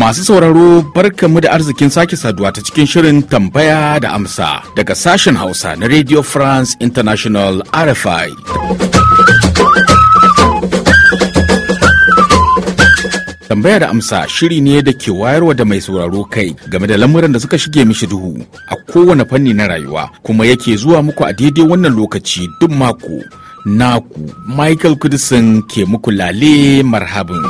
Masu sauraro mu da arzikin sake saduwa ta cikin shirin tambaya da amsa daga sashen Hausa na Radio France International RFI. Tambaya da amsa shiri ne da ke wayarwa da mai sauraro kai game da lamuran da suka shige mishi duhu a kowane fanni na rayuwa kuma yake zuwa muku a daidai wannan lokaci duk mako. Naku Michael Kudisin ke muku lale marhabin.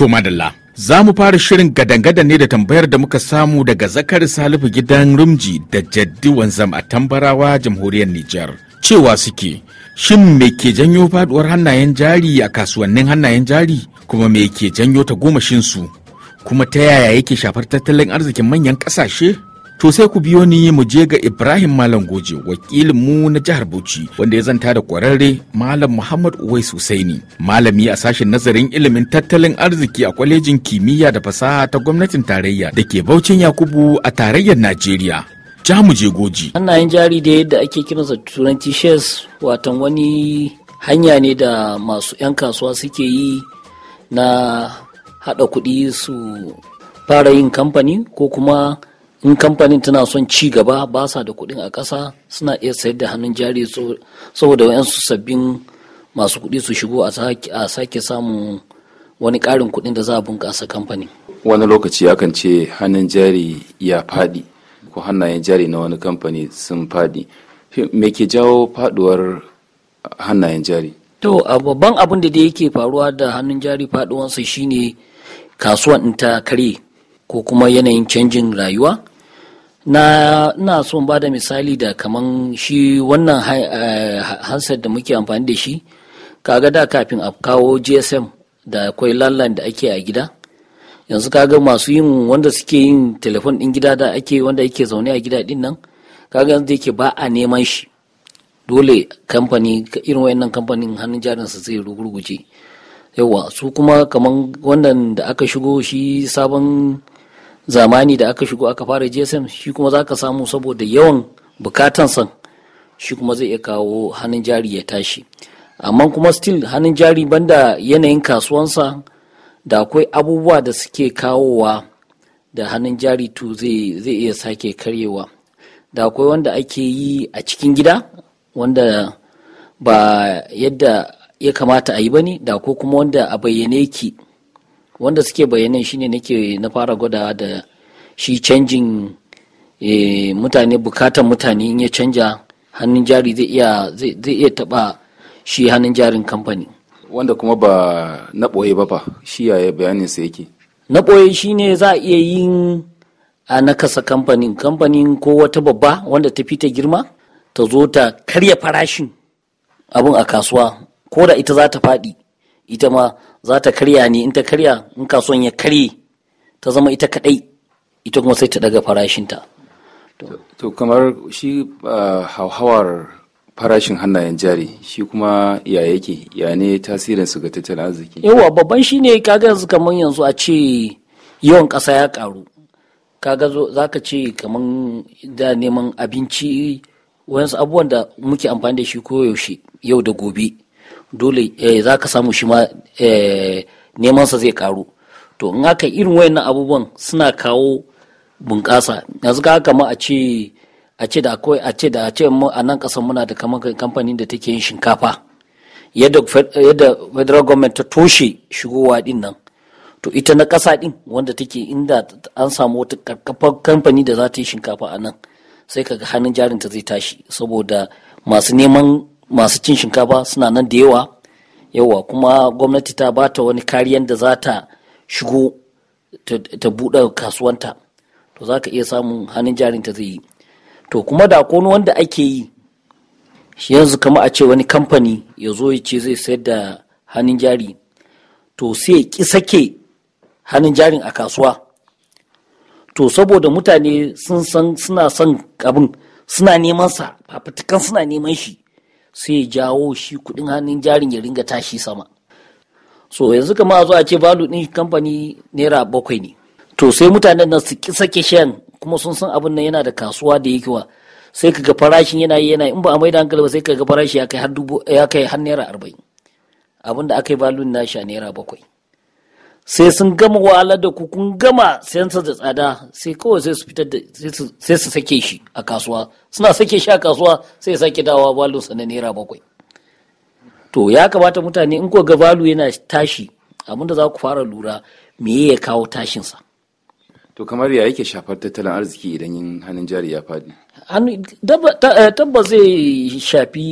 To madalla. Za mu fara shirin gadangadan ne da tambayar da muka samu daga Zakar salifu gidan rumji da jaddi wanzam a tambarawa jamhuriyar Nijar. Cewa suke, shin me ke janyo faduwar hannayen jari a kasuwannin hannayen jari kuma me ke janyo ta gomashinsu kuma ta yaya yake shafar tattalin arzikin manyan ƙasashe? To sai ku biyo ni mu je ga Ibrahim Malam Goje wakilin mu na jihar Bauchi wanda ya zanta da kwararre Malam Muhammad Uwais Husaini malami a sashen nazarin ilimin tattalin arziki a kwalejin kimiyya da fasaha ta gwamnatin tarayya da ke Baucin Yakubu a tarayyar Najeriya. Ja mu je goji. Hannayen jari da yadda ake kiransa turanci shares watan wani hanya ne da masu 'yan kasuwa suke yi na haɗa kuɗi su fara yin kamfani ko kuma in kamfanin tana son ci gaba ba sa da kuɗin a ƙasa suna iya sayar da hannun jari saboda wayansu sabbin masu kuɗi su shigo a sake samun wani ƙarin kuɗin da za a bunƙasa kamfanin wani lokaci akan ce hannun jari ya faɗi ko hannayen jari na wani kamfani sun faɗi me ke jawo faɗuwar hannayen jari to babban abin da da yake faruwa da hannun jari faɗuwansa shine kasuwan ta karye ko kuma yanayin canjin rayuwa na ina son ba da misali da kaman shi wannan eh, hansar da muke amfani da shi kaga da kafin a kawo gsm da akwai landline da ake a gida yanzu kaga masu yin wanda suke yin telefon din gida da ake wanda yake zaune a gida din nan kaga yanzu yake ba a neman shi dole kamfani irin wayannan kamfanin hannun jarinsa zai rugurguje yawa su kuma kaman wannan da aka shigo shi sabon zamani da aka shigo aka fara gsm shi kuma za ka samu saboda yawan bukatan san shi kuma zai iya kawo hannun jari ya tashi amma kuma still hannun jari banda yanayin kasuwansa da akwai abubuwa da suke kawowa da hannun jari to zai iya sake karyewa da akwai wanda ake yi a cikin gida wanda ba yadda ya kamata a yi ba ne da ko kuma wanda a bayyane ki wanda suke bayanan shine nake na fara gwada da shi canjin e, mutane bukatan mutane in ya canja hannun jari zai iya zai iya taba shi hannun jarin kamfani wanda kuma ba na ɓoye ba fa shi yaya bayanin sa yake na ɓoye shine za a iya yin a nakasa kamfanin kamfanin ko wata babba wanda ta fita girma ta zo ta karya farashin abin a kasuwa ko da ita za ta faɗi ita ma za ta karya ne in ta karya in kasuwan ya karye ta zama ita kadai ita kuma sai ta daga farashinta to kamar shi hauhawar farashin hannayen jari shi kuma ya yake ya ne tasirin su ga tattalin arziki yawa babban shi ne kaga yanzu kamar yanzu a ce yawan ƙasa ya karu kaga za ka ce kamar da neman abinci wayansu abubuwan da muke amfani da shi koyaushe yau da gobe dole eh, za ka samu shi ma eh, nemansa zai karu to in aka irin wayannan abubuwan suna kawo bunƙasa yanzu ka kama a ce a ce da akwai a ce da a ce mu a nan ƙasar muna da kamar kamfanin da take yin shinkafa yadda federal government ta toshe shigowa din nan to ita na ƙasa din wanda take inda an samu wata karkafar kamfani da za ta yi shinkafa a nan sai kaga hannun jarinta zai tashi saboda masu neman masu cin shinkafa suna nan da yawa yawa kuma gwamnati ta bata wani kariyan da za ta shigo ta buɗe kasuwanta to za ka iya samun hannun jarin ta zai yi to kuma da kono wanda ake yi shi yanzu kama a ce wani kamfani ya zo ya ce zai sayar da hannun jari to sai ya ƙi sake hannun jarin a kasuwa to saboda mutane sun suna son abin suna neman sa fafutukan suna neman shi sai ya jawo shi kudin hannun jarin ya ringa tashi sama so yanzu kama a zo a ce balu ɗin kamfani naira bakwai ne to sai mutanen nan su ki sake shan kuma sun san abin nan yana da kasuwa da yake wa sai kaga farashin yana yana in ba a maida hankali ba sai kaga farashi ya kai har naira arba'in abin da aka yi balu na sha naira bakwai sai sun gama wahala da ku kun gama sayansa da tsada sai kawai sai su fitar da sai su sake shi a kasuwa suna sake shi a kasuwa sai sake dawa balunsa na naira bakwai to ya kamata mutane in ko ga balu yana tashi abin da za ku fara lura me ya kawo tashinsa to kamar ya yake shafar tattalin arziki idan hannun jari ya faɗi eh, tabbas zai shafi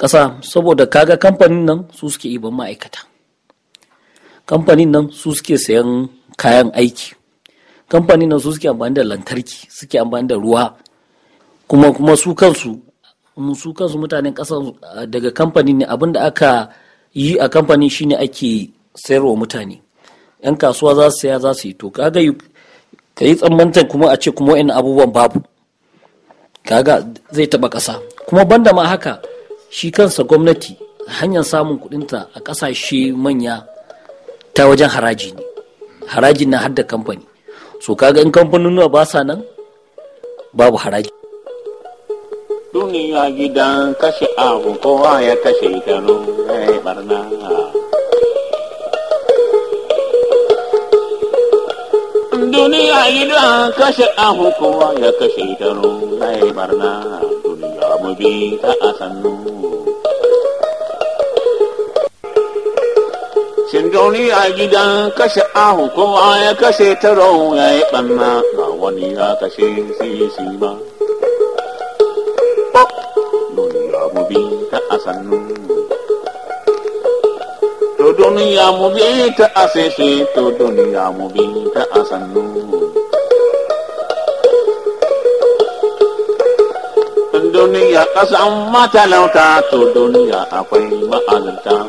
ƙasa saboda kaga kamfanin nan su suke iban ma'aikata kamfanin nan su suke sayan kayan aiki kamfanin nan su suke amfani da lantarki suke amfani da ruwa kuma kuma su kansu su kansu mutanen ƙasar daga kamfanin ne abin da aka yi a kamfanin shine ake sayarwa mutane yan kasuwa za su saya za su yi to kaga ka yi tsammanta kuma a ce kuma wa'in abubuwan babu kaga zai taba ƙasa kuma banda ma haka shi kansa gwamnati hanyar samun kuɗinta a ƙasashe manya ta wajen haraji ne harajin na hadda kamfani so kaga in kamfanin ba sa nan babu haraji duniya gidan kashe abu kowa ya kashe ita ya eh, barna duniya gidan kashe abu kowa ya kashe ita ya eh, barna duniya mu bi ta a sannu cikin a gidan kashe ahu kowa ya kashe ta taro ya yi ɓanna ba wani ya kashe sisi ba. Duniya mu bi ta a sannu. To duniya mu bi ta a sese, to duniya mu bi ta a sannu. Duniya ƙasan matalauta, to duniya akwai ma'azanta.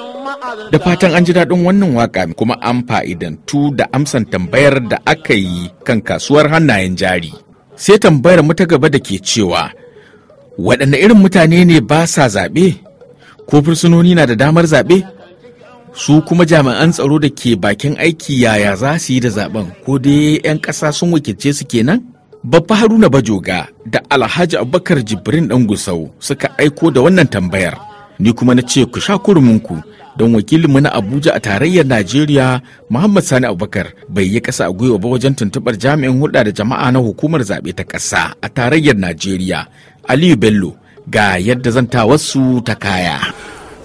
Da fatan an ji daɗin wannan waka kuma an fa'idantu da amsan tambayar da aka yi kan kasuwar hannayen jari. Sai tambayar mu ta gaba da ke cewa, waɗanne irin mutane ne ba sa zaɓe? Ko fursunoni na da damar zaɓe? Su kuma jami'an tsaro da ke bakin aiki yaya za su yi da zaɓen ko dai 'yan ƙasa sun wakilce su kenan? Babba Haruna Bajoga da Alhaji Abubakar Jibrin Ɗan Gusau suka aiko da wannan tambayar. Ni kuma na ce ku sha kurminku don wakilinmu na abuja a tarayyar najeriya muhammad sani abubakar bai yi kasa a gwiwa ba wajen tuntubar jami'in hulɗa da jama'a na hukumar zaɓe ta ƙasa a tarayyar najeriya aliyu bello ga yadda zan ta kaya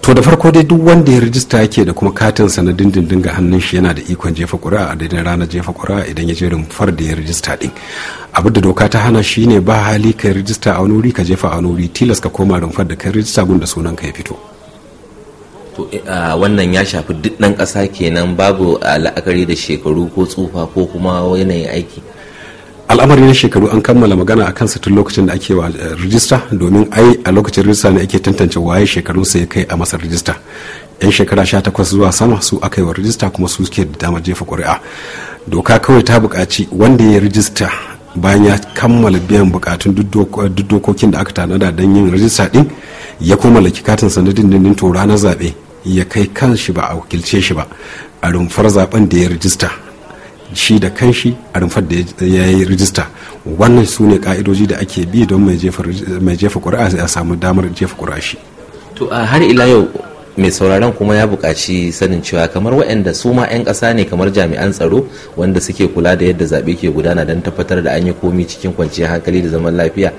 to da farko dai duk wanda ya rijista yake da kuma katin sanadin dindindin ga hannun shi yana da ikon jefa ƙuri'a a daidai ranar jefa ƙuri'a idan ya je rumfar da ya rijista din abu da doka ta hana shi ne ba hali ka rijista a wani wuri ka jefa a wani wuri tilas ka koma rumfar da ka rijista gun da sunan ka ya fito to eh, ah, wannan ya shafi duk ɗan ƙasa kenan babu ah, la'akari da shekaru ko tsufa ko kuma yanayin aiki al'amari na shekaru an kammala magana a kansa tun lokacin da ake wa eh, rijista domin ai a lokacin rijista ne ake tantance waye shekaru ya kai a masa rijista yan shekara sha 18 zuwa sama su aka yi wa rijista kuma su suke da damar jefa ƙuri'a doka kawai ta buƙaci wanda ya rijista bayan ya kammala biyan buƙatun duk dokokin da aka tanada don yin rijista din ya kuma mallaki katin sanadin din to na zaɓe ya kai kanshi ba a wakilce shi ba a rumfar zaben da ya rijista shi da kanshi a rumfar da ya yi rijista wannan su ne ka'idoji da ake bi don mai jefa ƙuri'a a samu damar jefa ƙuri'a shi to a har ila yau mai sauraron kuma ya buƙaci sanin cewa kamar waɗanda su ma 'yan ƙasa ne kamar jami'an tsaro wanda suke kula da yadda zaɓe ke gudana don tabbatar da an yi komi cikin kwanciyar hankali da zaman lafiya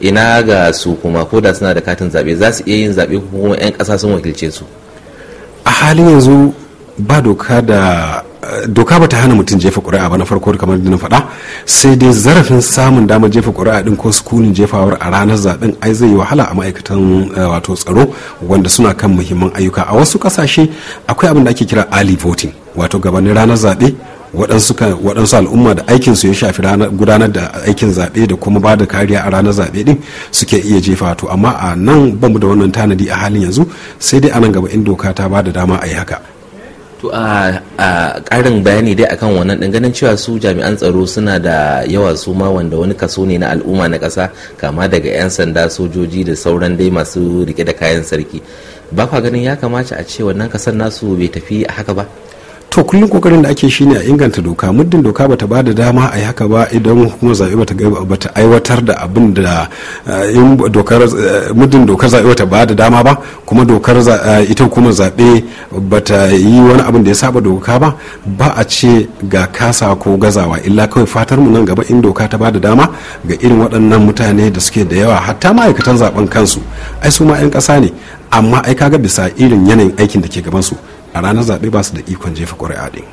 ina ga su kuma ko da suna da katin zaɓe za su iya yin zaɓe kuma 'yan ƙasa sun wakilce su a halin yanzu ba doka da doka ba ta hana mutum jefa ƙuri'a ba na farko kamar da na faɗa sai dai zarafin samun damar jefa ƙuri'a din ko sukunin jefawar a ranar zaɓen ai zai yi wahala a ma'aikatan eh, wato tsaro wanda suna kan muhimman ayyuka a wasu ƙasashe akwai abin da ake kira early voting wato gabanin ranar zaɓe waɗansu al'umma da aikin su ya shafi gudanar da aikin zaɓe da kuma ba da kariya a ranar zaɓe ɗin suke iya jefa to amma a nan ba mu da wannan tanadi a halin yanzu sai dai a nan gaba in doka ta ba da dama a yi haka to a ƙarin bayani dai akan wannan ɗin ganin cewa su jami'an tsaro suna da yawa su ma wanda wani kaso ne na al'umma na ƙasa kama daga 'yan sanda sojoji da sauran dai masu rike da kayan sarki ba kwa ganin ya kamata a ce wannan kasar nasu bai tafi a haka ba to kullum kokarin da ake shine a inganta doka muddin doka bata bada dama a yi haka ba idan hukumar zaɓe bata bata aiwatar da abin da eh, dokar eh, muddin dokar zaɓe bata bada dama ba kuma dokar eh, ita hukumar zaɓe bata yi wani abin da ya saba doka ba ba a ce ga kasa ko gazawa illa kawai fatar mu nan gaba in doka ta bada dama ga irin waɗannan mutane da suke da yawa hatta ma'aikatan zaben kansu ai su ma 'yan ƙasa ne amma ai kaga bisa irin yanayin aikin da ke gaban su a ranar zaɓe ba su da ikon jefa ƙuri'a ɗin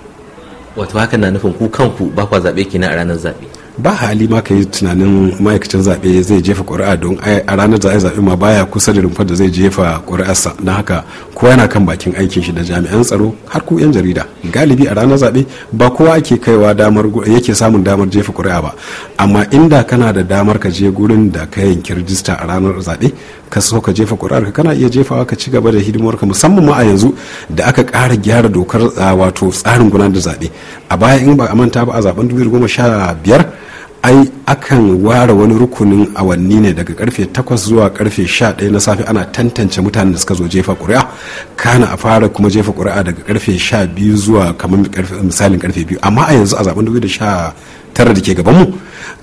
wato hakan na nufin ku kanku ba kwa zaɓe kenan a ranar zaɓe ba hali ma ka yi tunanin ma'aikacin zaɓe zai jefa ƙuri'a don a ranar zaɓe zaɓe ma baya kusa da rumfar da zai jefa ƙuri'arsa na haka kowa yana kan bakin aikin shi da jami'an tsaro har ku 'yan jarida galibi a ranar zaɓe ba kowa ake kaiwa damar yake samun damar jefa ƙuri'a ba amma inda kana da damar ka je gurin da ka yanki rijista a ranar zaɓe ka so ka jefa ƙuri'ar kana iya jefawa ka ci gaba da hidimar ka musamman ma a yanzu da aka ƙara gyara dokar wato tsarin gudanar da zaɓe a baya in ba a manta ba a zaben 2015 ai akan ware wani rukunin awanni ne daga karfe 8 zuwa karfe 11 na safe ana tantance mutanen da suka zo jefa ƙuri'a kana a fara kuma jefa ƙuri'a daga karfe 12 zuwa kamar misalin karfe biyu amma a yanzu a zaben 2019 da ke gabanmu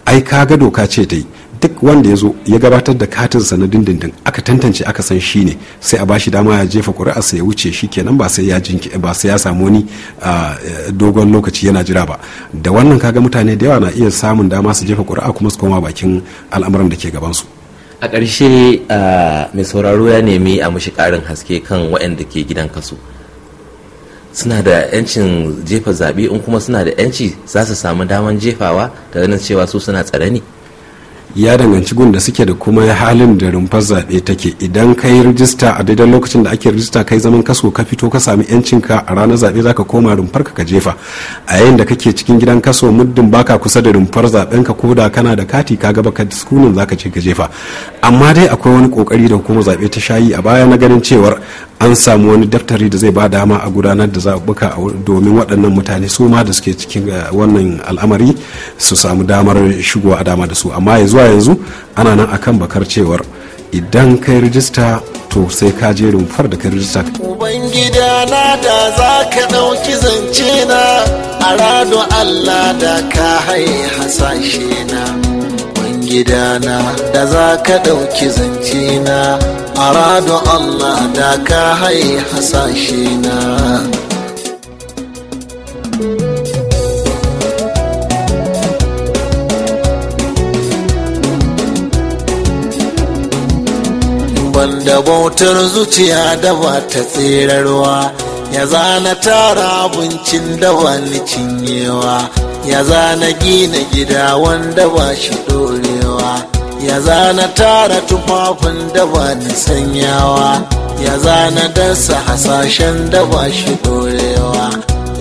ai kaga doka ce ta yi wanda ya zo ya gabatar da katin na dindindin aka tantance aka san shi ne sai a bashi dama ya jefa ƙuri'arsa ya wuce shi kenan ba sai ya jinki ba sai ya samu wani dogon lokaci yana jira ba da wannan kaga mutane da yawa na iya samun dama su jefa ƙuri'a kuma su koma bakin al'amuran da ke gaban su a ƙarshe mai sauraro ya nemi a mushi ƙarin haske kan waɗanda ke gidan kaso suna da yancin jefa zaɓe in kuma suna da yanci za su samu daman jefawa da ganin cewa su suna tsare ne ya danganci gun da suke da kuma halin da rumfar zaɓe take idan ka yi rijista a daidai lokacin da ake rijista kai zaman kaso ka fito ka sami yancinka a ranar zaɓe zaka koma rumfar ka jefa a yayin da kake cikin gidan kaso muddin baka kusa da rumfar zaɓen ka koda kana da kati ka gaba ka sukunin zaka ce ka jefa amma dai akwai wani kokari da hukumar zaɓe ta shayi a baya na ganin cewar an samu wani daftari da zai ba dama a gudanar da zaɓuka domin waɗannan mutane su ma da suke cikin eh, wannan al'amari su samu damar shigowa a dama da su amma ya zuwa yanzu ana nan akan bakar cewar idan kai rijista to sai ka je rumfar da kai rijista ubangida na da za ka ɗauki zance na a allah da ka haye hasashe na ubangida na da za ka ɗauki zance na arado Allah da ka hai hasashe na banda bautar zuciya da ba ta tserarwa ya zana tara abincin da ba ni cinyewa ya zana gina gida wanda ba shi dorewa ya zana tara tufafin da ba ni sanyawa ya zana dansa hasashen da ba shi dorewa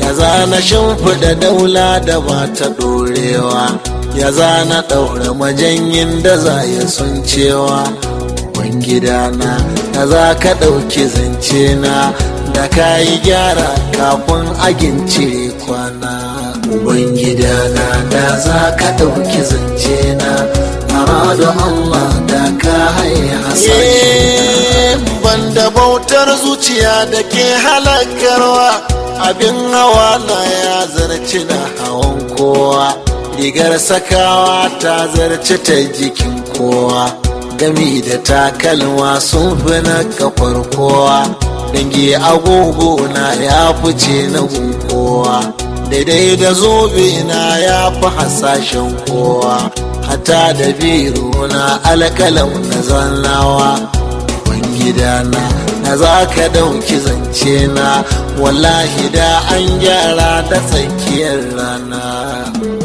ya zana shimfiɗa daula da ba ta dorewa ya zana ɗaura majanyin da za ya sun cewa gidana da za ka ɗauki zance na da ka yi gyara kafin agin cire kwana na da za ka ɗauki zance na muradu Allah da ka ban eh, banda bautar zuciya da ke halakarwa abin hawa na ya zarci na hawan kowa rigar sakawa ta zarci ta jikin kowa gami da takalma sun fi na kafar kowa dangi agogo na ya fice na kowa daidai da zobe na ya fi hasashen kowa hata da biro na alkalam na zannawa gidana na za ka ɗauki zance na wallahi da an gyara da tsakiyar rana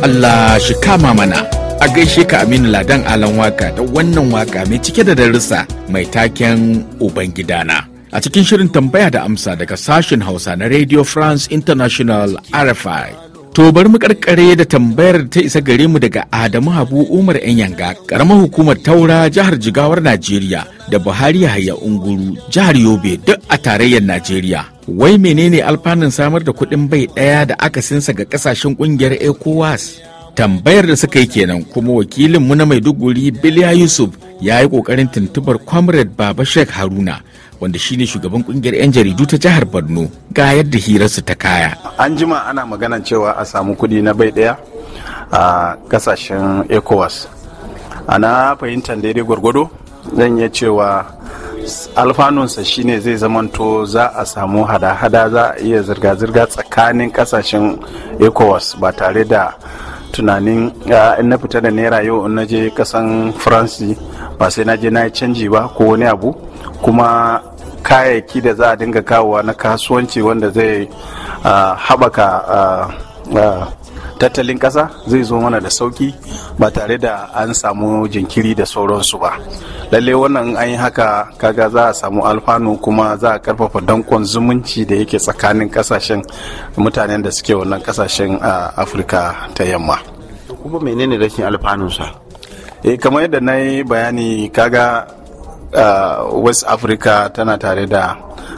Allah shi kama mana a gaishe ka aminu ladan alan waka da wannan waka mai cike da darussa mai taken ubangidana a cikin shirin tambaya da amsa daga sashen hausa na radio france international rfi To bari mu karkare da tambayar ta isa gare mu daga Adamu Habu Umar Yanga, karamar hukumar Taura jihar Jigawar Najeriya da Buhari Yahaya Unguru jihar Yobe duk a tarayyar Najeriya. Wai menene alfanun samar da kuɗin bai ɗaya da aka sinsa ga ƙasashen ƙungiyar ECOWAS? Tambayar da suka yi kenan kuma wakilin mu na Maiduguri Biliya Yusuf ya yi ƙoƙarin tuntubar Comrade Baba Sheikh Haruna wanda shine shugaban kungiyar 'yan jaridu ta jihar borno ga yadda hirarsu ta kaya an jima ana maganan cewa a samu kudi na bai daya a kasashen ecowas ana fahimtar daidai gwargwado zan iya cewa alfanunsa shine zai zamanto za a samu hada-hada za a iya zirga-zirga tsakanin kasashen ecowas ba tare da tunanin in na fita da naira yau in na je kasan faransi ba sai na je na yi canji ba ko wani abu kuma kayayyaki da za a dinga kawowa na kasuwanci wanda zai ah, haɓaka ah, ah, tattalin ƙasa zai zo mana da sauki ba tare da an samu jinkiri da sauransu ba lalle wannan an yi haka kaga za a samu alfanu kuma za a karfafa dankon zumunci da yake tsakanin kasashen mutanen da suke wannan kasashen a afirka ta yamma kuma menene rashin alfanunsa eh, kamar yadda na yi bayani kaga Uh, west africa tana tare da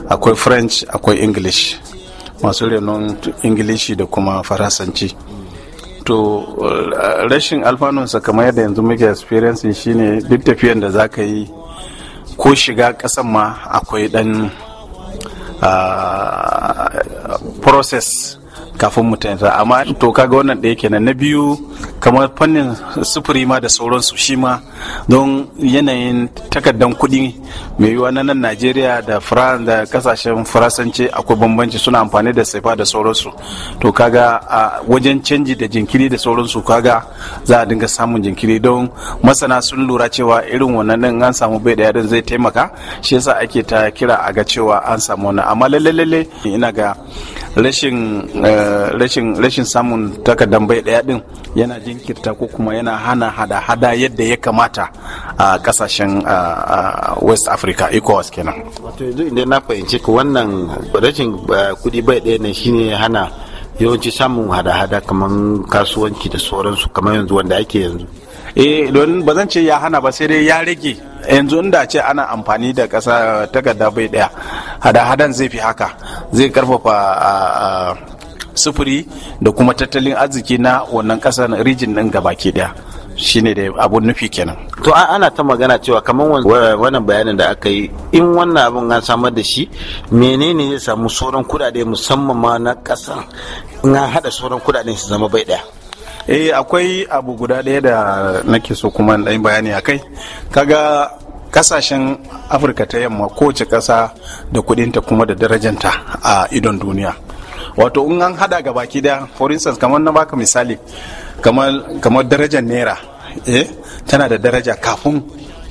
akwai french akwai english masu renon ingilishi da kuma faransanci to uh, rashin alfanunsa kamar yadda yanzu muke experiencing shine duk tafiyan da za ka yi ko shiga kasan ma akwai dan uh, process kafin mutum ya amma to kaga wannan ɗaya kenan na biyu kamar fannin sufuri ma da sauransu shi ma don yanayin takardan kuɗi mai yiwuwa na nan najeriya da faransa da kasashen faransanci akwai bambanci suna amfani da saifa da sauransu to kaga a wajen canji da jinkiri da sauransu kaga za a dinga samun jinkiri don masana sun lura cewa irin wannan ɗin an samu bai daya din zai taimaka shi yasa ake ta kira a ga cewa an samu wannan amma lalle lalle ina ga Eh, rashin samun takardar bai daya din yana jinkirta ko kuma yana hana hada-hada yadda ya kamata a kasashen west africa ecowas kenan wato yanzu idan na fahimci ka wannan rashin eh, kudi bai daya ne shine hana yawanci samun hada-hada kamar kasuwanci da sauransu kamar yanzu wanda ake yanzu eh don ba zan ce ya hana ba sai dai ya rage yanzu inda ce ana amfani da ƙasa takarda bai daya hada-hadan zai fi haka zai karfafa sufuri da kuma tattalin arziki na wannan ƙasar rijin ɗin gabaki daya shine da abun nufi kenan to ana ta magana cewa kamar wannan bayanin da aka yi in wannan abun an samar da shi menene zai samu sauran kudade musamman ma na ƙasar in hada sauran kudade su zama bai daya eh akwai abu guda ɗaya da nake so kuma ɗan bayani a kai kaga kasashen afirka ta yamma kowace ƙasa da kudinta kuma da darajanta a idon duniya wato in an hada ga baki da for instance kamar na baka misali kamar darajar naira eh tana da daraja kafin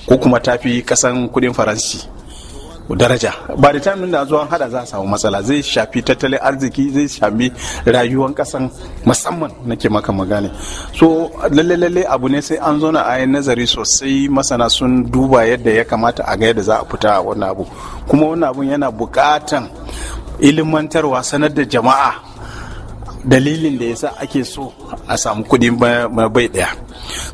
ko kuma tafi kasan kudin faransi daraja ba da tamin da zuwan hada za a samu matsala zai shafi tattalin arziki zai shafi rayuwar kasan musamman nake maka magani so lalle lalle abu ne sai an zauna a yi nazari sosai masana sun duba yadda ya kamata a ga yadda za a fita a wannan abu kuma wannan abun yana bukatan ilimantarwa sanar da jama'a dalilin da yasa ake so a samu kuɗi bai daya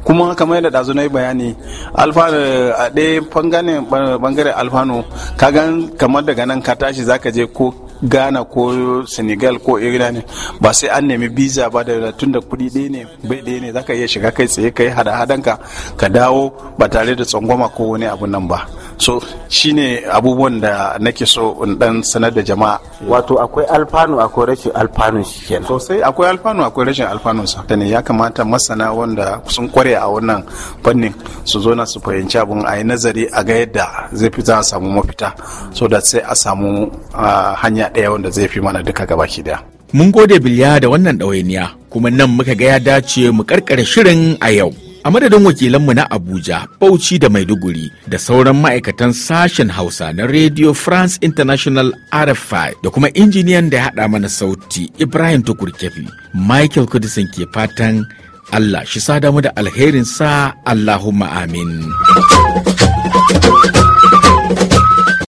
kuma kamar yadda dazu na yi bayani alfanu a ɗaya bangare alfanu ka gan kamar daga nan ka tashi zaka je ko ghana ko senegal ko irina ne ba sai an nemi biza ba da tun da kudi ɗaya ne bai ɗaya ne zaka iya shiga kai tsaye kai hada-hadanka ka dawo ba tare da tsangwama ko wani abu nan ba so shine abubuwan da nake so in dan sanar da jama'a wato akwai alfanu akwai rashin alfanu kenan sosai akwai alfanu akwai rashin alfanu sa ne ya kamata masana wanda sun kware a wannan fannin su zo na su fahimci abun a yi nazari a ga yadda zai fi za a samu mafita so da sai a samu hanya ɗaya wanda zai fi mana duka gaba ki da. mun gode biliya da wannan ɗawainiya kuma nan muka ga ya dace mu karkare shirin a yau a madadin wakilanmu na abuja bauchi da maiduguri da sauran ma'aikatan sashen hausa na radio france international rfi da kuma injiniyan da ya haɗa mana sauti ibrahim tukurkefi michael kudisin ke fatan allah shi sada mu da alherin sa allahumma amin